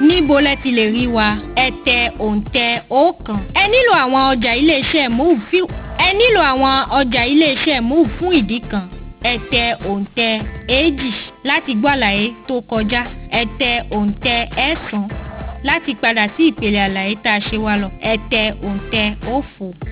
níbo lẹ ti lè rí wa ẹ tẹ òǹtẹ̀ ọ̀kan. ẹ nílò àwọn ọjà iléeṣẹ́ move fi ẹ nílò àwọn ọjà iléeṣẹ́ move fún ìdí kan ẹ tẹ òǹtẹ̀ èjì láti gbọ́ àlàyé tó kọjá ẹ tẹ òǹtẹ̀ ẹ̀sán láti padà sí ìpele àlàyé tá a ṣe wá lọ ẹ tẹ òǹtẹ̀